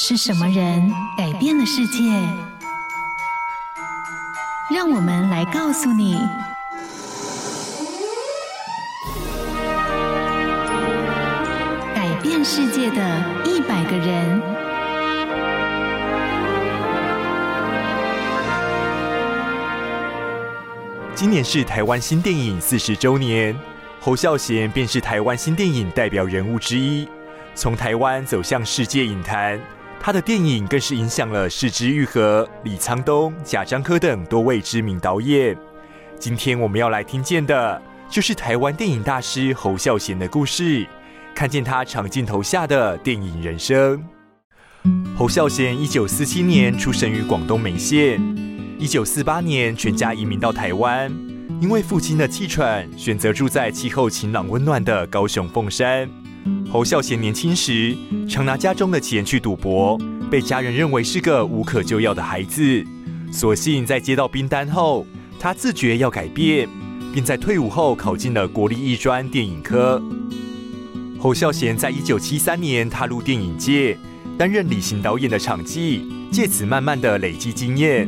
是什麼人改變了世界？讓我們來告訴你：改變世界的一百個人。今年是台灣新電影四十周年，侯孝賢便是台灣新電影代表人物之一，從台灣走向世界影壇。他的電影更是影響了是枝裕和、李滄東、賈樟柯等多位知名導演。今天我們要來聽見的就是台灣電影大師侯孝賢的故事，看見他長鏡頭下的電影人生。侯孝賢一九四七年出生於廣東梅縣，一九四八年全家移民到台灣，因為父親的氣喘，選擇住在氣候晴朗溫暖的高雄鳳山。侯孝賢年輕時常拿家中的錢去賭博，被家人認為是個無可救藥的孩子。所幸在接到兵單後，他自覺要改變，並在退伍後考進了國立藝專電影科。侯孝賢在一九七三年踏入電影界，擔任李行導演的場記，借此慢慢的累積經驗。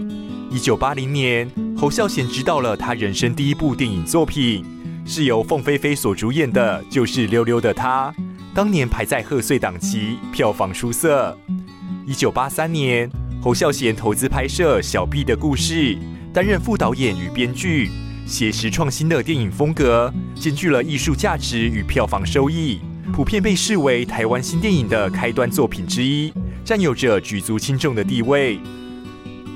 一九八零年，侯孝賢執導了他人生第一部電影作品，是由鳳飛飛所主演的，就是《溜溜的她》。當年排在賀歲檔期，票房出色。一九八三年，侯孝賢投資拍攝《小畢的故事》，擔任副導演與編劇，寫實創新的電影風格兼具了藝術價值與票房收益，普遍被視為臺灣新電影的開端作品之一，占有着舉足輕重的地位。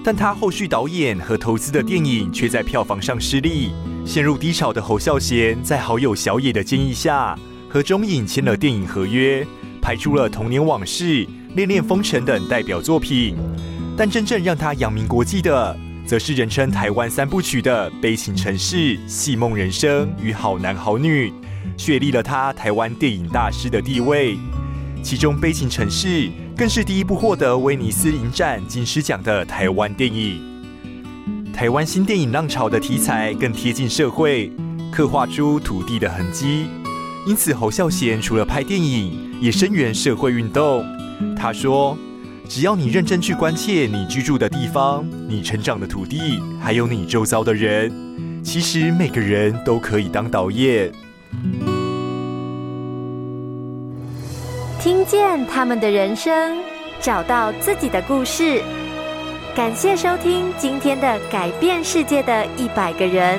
但他後續導演和投資的電影卻在票房上失利，陷入低潮的侯孝賢，在好友小野的建議下，和中影簽了電影合約，拍出了《童年往事》《戀戀風塵》等代表作品。但真正讓他揚名國際的，則是人稱“台灣三部曲”的《悲情城市》《戲夢人生》與《好男好女》，確立了他台灣電影大師的地位。其中，《悲情城市》更是第一部獲得威尼斯影展金獅獎的台灣電影。台灣新電影浪潮的題材更貼近社會，刻畫出土地的痕跡。因此，侯孝賢除了拍電影，也聲援社會運動。他說：“只要你認真去關切你居住的地方、你成長的土地，還有你周遭的人，其實每個人都可以當導演，聽見他們的人生，找到自己的故事。”感謝收聽今天的《改變世界的一百個人》。